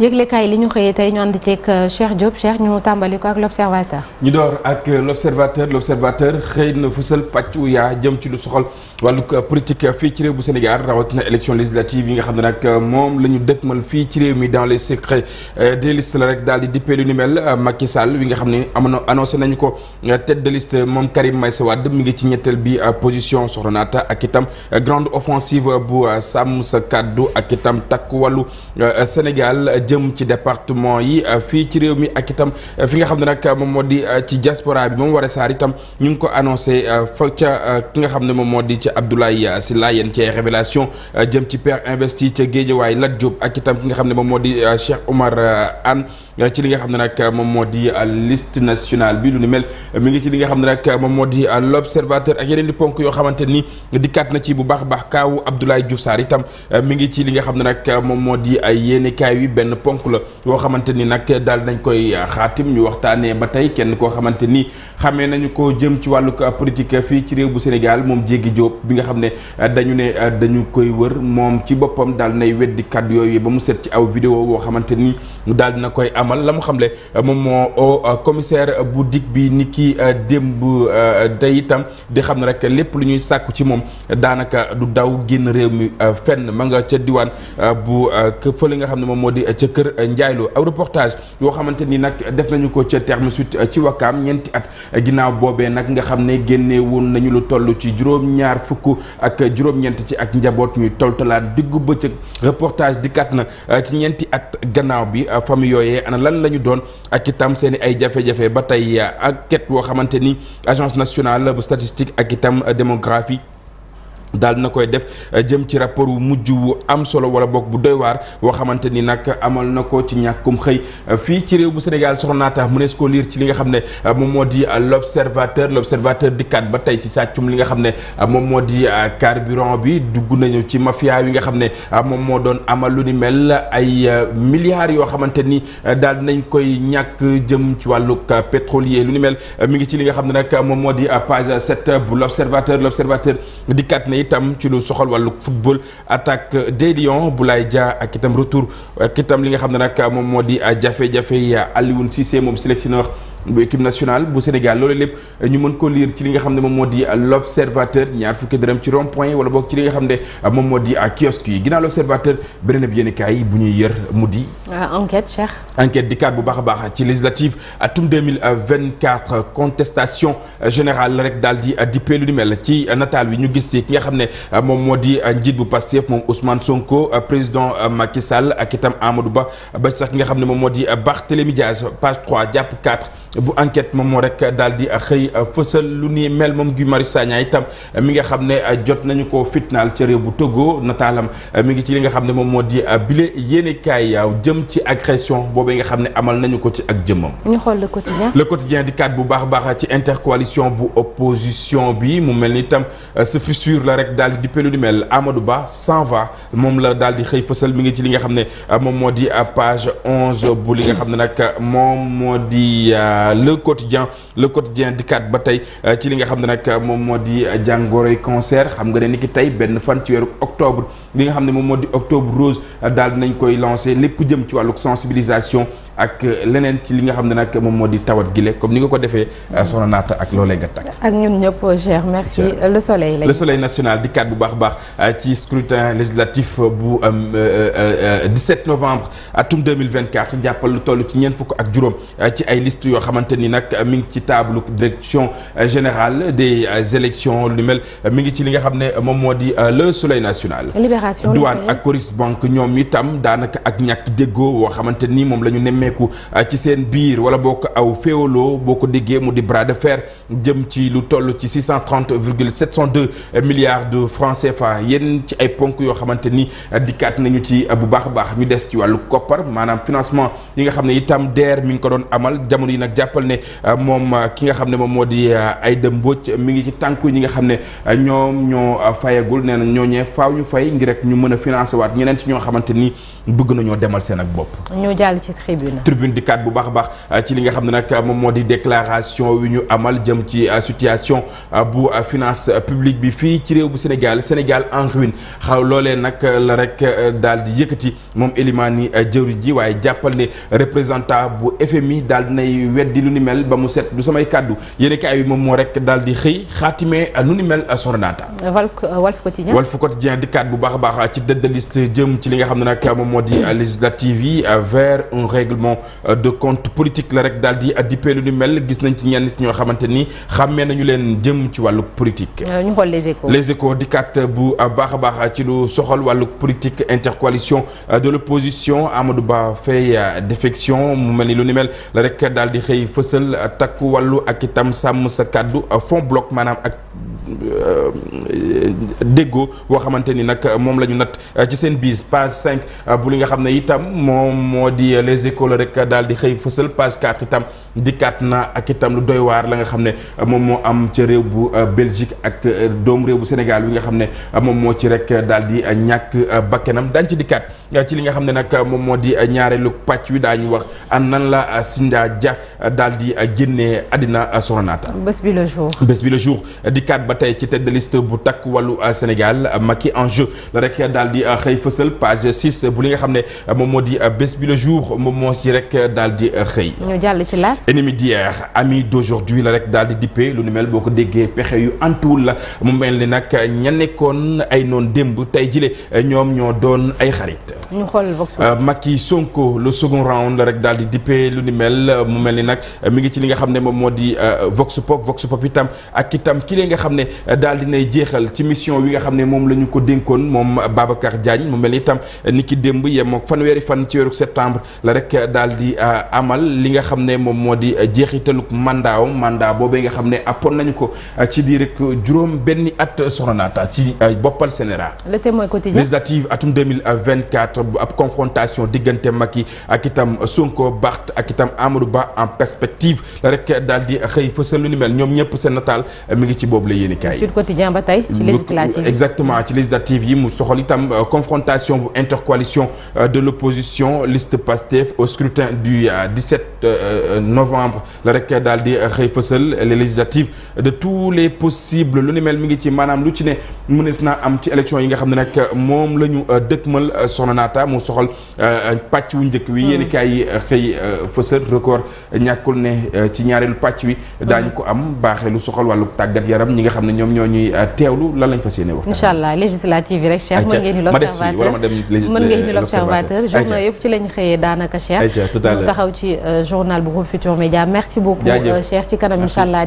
yëglekaay li ñu xëyee tey ñu ànd ceeg euh, Cheikh Diop Cheikh ñu tàmbali ko ak l'observateur ñu door ak euh, l'observateur l'observateur xëy na fësal pàccu yaa jëm ci lu soxal wàllu euh, politique fii ci réew bu Sénégal rawatina élection législative yi nga xam ne nag moom la ñu dëkkmal fii ci réew mi dans les secrets des listes la rek daal di dippee lu ni mel Macky Sall wi nga xam ne amoon annoncé nañu ko tête de liste moom Karim Meïssa Wade mi ngi ci ñetteel bi position soxla naata ak itam grande offensive bu sàmm sa kàddu ak itam takku wàllu Sénégal. jëm ci département yi euh, fii ci réew mi ak itam euh, fi nga xam ne nag euh, moom moo di ci diaspora bi moom Woré Sarr itam ñu ngi ko annoncé fa ca ki xam ne moom moo di ci Abdoulaye Sylla yéen ci ay révélation jëm ci père investi ca Géejawaay Lat Diop ak itam ki nga xam ne moom moo di Cheikh Oumar Anne ci li nga xam ne nag moom moo di liste nationale bi lu ni mel mi ngi ci li nga xam ne nag moom moo di l'observateur ak yeneen di ponk yoo xamante ni dikkaat na ci bu baax a baax kaawu Abdoulaye Diouf Sarr itam mi ngi ci li nga xam ne nag moom moo di yéenekaay wi benn yenn ponk la yoo xamante ni nag daal nañ koy xaatim ñu waxtaanee ba tey kenn koo xamante ni xamee nañu ko jëm ci wàllu politique fii ci réew bu Sénégal moom Diégui jóob bi nga xam ne dañu ne dañu koy wër moom ci boppam daal nay weddi kaddu yooyu ba mu set ci aw vidéo boo xamante ni daal dina koy amal la mu xamle moom moo au commissaire bu dig bi ni ki euh, démb euh, day itam di xam ne rek lépp lu ñuy sàkku ci moom daanaka du daw génn réew mi euh, fenn ma nga ca diwaan ca kër eh, Ndiaylo aw reportage yoo xamante ni nag def nañu ko ca terme suite eh, ci wakkaam ñeenti at eh, ginnaaw boobee nag nga xam ne génne woon nañu lu toll ci juróom-ñaar fukk ak juróom-ñeent ci ak njaboot ñuy toltalaan diggu bëccëg reportage dikkaat na ci ñeenti at gannaaw bi famille yooye ana lan la ñu doon ak itam seen i ay jafe-jafe ba tey enquête boo xamante ni agence nationale bu statistique ak itam démographie di na koy def euh, jëm ci rapport wu mujj wu am solo wala boog bu doy waar boo xamante ni nag amal na ko ci ñàkkum xëy euh, fii ci réew bu Sénégal soxnaa tax mu koo liir ci li nga xam ne euh, moom moo di l' observateur l' observateur dikkaat ba tey ci sàccum li nga xam ne moom moo di carburant bi dugg nañu ci mafia yi nga xam ne moom moo doon amal lu ni mel ay milliards yoo xamante ni daal nañ koy ñàkk jëm ci wàllug pétrolier lu ni mel mi ngi ci li nga xam ne nag moom moo di page 7 bu l' observateur l' itam ci lu soxal wàllu football attaque des Lions Boulaye Dia ak itam retour ak itam li nga xam ne nag moom moo di jafe-jafe yi si Cissé moom sélectionneur bu équipe nationale bu Sénégal loolu lépp ñu mën ko liir ci li nga xam ne moom moo di l'observateur ñaar fukki dërëm ci rond point wala boog ci li nga xam ne moom moo di kiosque yi ginnaaw l'observateur beneen ab yéenekaay bu ñuy yër mu di. Ah, enquête Cheikh. enquête di kaat bu baax a baax ci législative atum 2024 contestation générale rek daal di dippee lu ni mel ci nataal wi ñu gis ci ki nga xam ne moom moo di njiit bu Pastef moom Ousmane Sonko président Macky Sall ak itam Amadou Ba ba sax ki nga xam ne moom moo di Barthélémy Dias page 3 jàpp 4. bu enquête moom moo rek daal di xëy fësal lu ni mel moom Guy Marius Sagna itam mi nga xam ne jot nañu ko fitnaal ca bu tëggoo nataalam mi ngi ci li nga xam ne moom moo di bile yéenekaay jëm ci agression boobee nga xam ne amal nañu ko ci ak jëmmam. ñu xool le quotidien le bu baax a baax ci intercoalition bu opposition bi mu mel ni itam ce la rek daal di dippe lu ni Ba s'en moom la daal di xëy fësal mi ngi ci li nga xam ne moom moo di page onze bu li nga xam ne nag moom moo di. Euh, Euh, le quotidien le quotidien dikkaat ba tey euh, ci li nga xam ne nag euh, moom moo di jàngoroy cancer xam nga ne ni ki tey benn fan ci weeru octobre li nga xam ne moom moo di octobre rose daal nañ koy lancé lépp jëm ci wàllu sensibilisation ak leneen ci li nga xam ne nag moom moo di tawat gile comme ni nga ko defee soxna naata ak loole nga takk ak ñun ñëpp cher merci le soleil le soleil national dikkaat bu baax a baax ci scrutin législatif bu 17 novembre atum 2024 jàppal lu ci ñeent fukk ak juróom ci ay liste yoo xamante ni nag mi ngi ci table direction générale de euh, élections lu mel mi ngi ci li nga xam ne moom moo di euh, le soleil national. libération douane ak Coris banque ñoom itam daanaka ak ñàkk déggoo woo xamante ni moom la ñu nemmeeku euh, ci seen biir wala boo ko aw féewaloo boo ko déggee mu di bras de fer jëm ci lu toll ci 630 virgule 702 milliards de francs CFA yéen ci ay ponk yoo xamante ni dikkaat nañu ci bu baax a baax ñu des ci wàllu koppar maanaam financement yi nga xam ne itam DER mi ngi jàppal ne euh, moom euh, ki nga xam ne moom moo di euh, Aïda Mbodj mi ngi ci tànku ñi nga xam ne ñoom ñoo fayagul nee na ñoo ñee faw ñu fay ngir rek ñu mën a financé waat ñeneen ci ñoo xamante ni bëgg nañoo demal seen ak bopp. ñu jàll ci tribune. di kat bu baax a baax ci li nga xam ne nag moo di déclaration wi ñu amal jëm ci situation bu finance publique bi fii ci réew bu Sénégal Sénégal en ruine xaw loole nag la rek daal di yëkkati moom Elimani jëwriñ ji waaye jàppal ne représentant weddi lu ni mel ba mu set du samay kàddu yéen kaay bi moom moo rek daal di xëy xaatime nu ni mel soxna Naata. Walf Quotidien Walf Quotidien bu baax a baax ci dëdd liste jëm ci li nga xam ne nag moom moo di législative yi vers un règlement de compte politique la rek daal di dippee lu ni mel gis nañ ci ñenn ñoo xamante ni xàmmee nañu leen jëm ci wàllu politique. Euh, les échos les bu baax a ci lu soxal wàllu politique intercoalition de l' opposition Amadou Ba fay euh, défection mu mel ni lu ni mel tey fësal euh, takku wallu ak itam sàmm sa kàddu euh, fond bloc maanaam ak euh, déggoo boo xamante ni nag moom la ñu nat ci seen biis page cinq bu li nga xam ne itam moom moo di les écoles rek daal di xëy fësal page 4 itam dikkaat na ak itam lu doy la nga xam ne moom moo am ca réew bu Belgique ak doom réew bu Sénégal wi nga xam ne moom moo ci rek daal di ñàkk bakkenam dañ ci dikkaat Euh, ci li nga xam ne nag euh, moom moo di euh, ñaareelu pàcc wi daañu wax an nan la Sindia Dia daal di génnee àddina soronata bés bi le jour bés bi le jour di ba tey ci tête de bu takk wàllu Sénégal Macky en jeu la rek daal di xëy fësal page 6 bu li nga xam ne moom moo di bés bi le jour moom moo ci rek daal di xëy. ñu jàll ci laas. ennemi d'hier ami d'aujourd'hui la rek daal di dippe lu nu mel boo ko déggee pexe yu antuwul la moo mel ni nag ña nekkoon ay noon démb tey jile ñoom ñoo doon ay xarit. ñu xool Vox euh, Macky Sonko le second round rek daal di dippee lu ni mel euh, mu mel ni nag euh, mu ngi ci li nga xam ne moom moo di Vox Pop Vox Pop itam ak itam ki lee nga xam ne daal di nay jéexal ci mission wi nga xam ne moom la ñu ko dénkoon moom Babacar Diagne mu mel ni itam ni ki démb yem fan fanweeri fan ci weeru septembre la rek daal di amal li nga xam ne moom moo di jeexitaluk mandaawam mandat boobee nga xam ne appoon nañu ko ci biir rek juróom benni at soxna naata ci boppal Sénégal. le 2024 bu ab confrontation diggante Macky ak itam Sonko Barth ak itam Amadou Ba en perspective la rek daal di xëy fësal lu ni mel ñoom ñëpp seen nataal euh, mi ngi ci boobu la yéen i kaay. Sud Quotidien ba tey exactement ci législative yi mu soxal itam euh, confrontation bu intercoalition euh, de l' opposition liste au scrutin du 17 novembre la rek daal di xëy fësal les de tous les possibles lu ni mel mi ngi ci maanaam lu ci ne mënees naa am ci élection yi nga xam ne nag moom naata mu soxal euh, pàcc wu njëkk wi hmm. yéen kaay euh, xëy euh, fësal record ñàkkul ne ci ñaareelu pàcc wi hmm. daañu ko am baaxee lu soxal wàllu tàggat yaram ñi nga xam ne ñoom ñoo ñuy teewlu lan lañ fas yéene wax législative yi rek Cheikh mën ngeen ñu l'observateur mën ngeen ñu l'observateur journaux yëpp ci lañ xëyee daanaka Cheikh taxaw ci journal bu groupe Futur Média merci beaucoup Cheikh ci kanam incha allah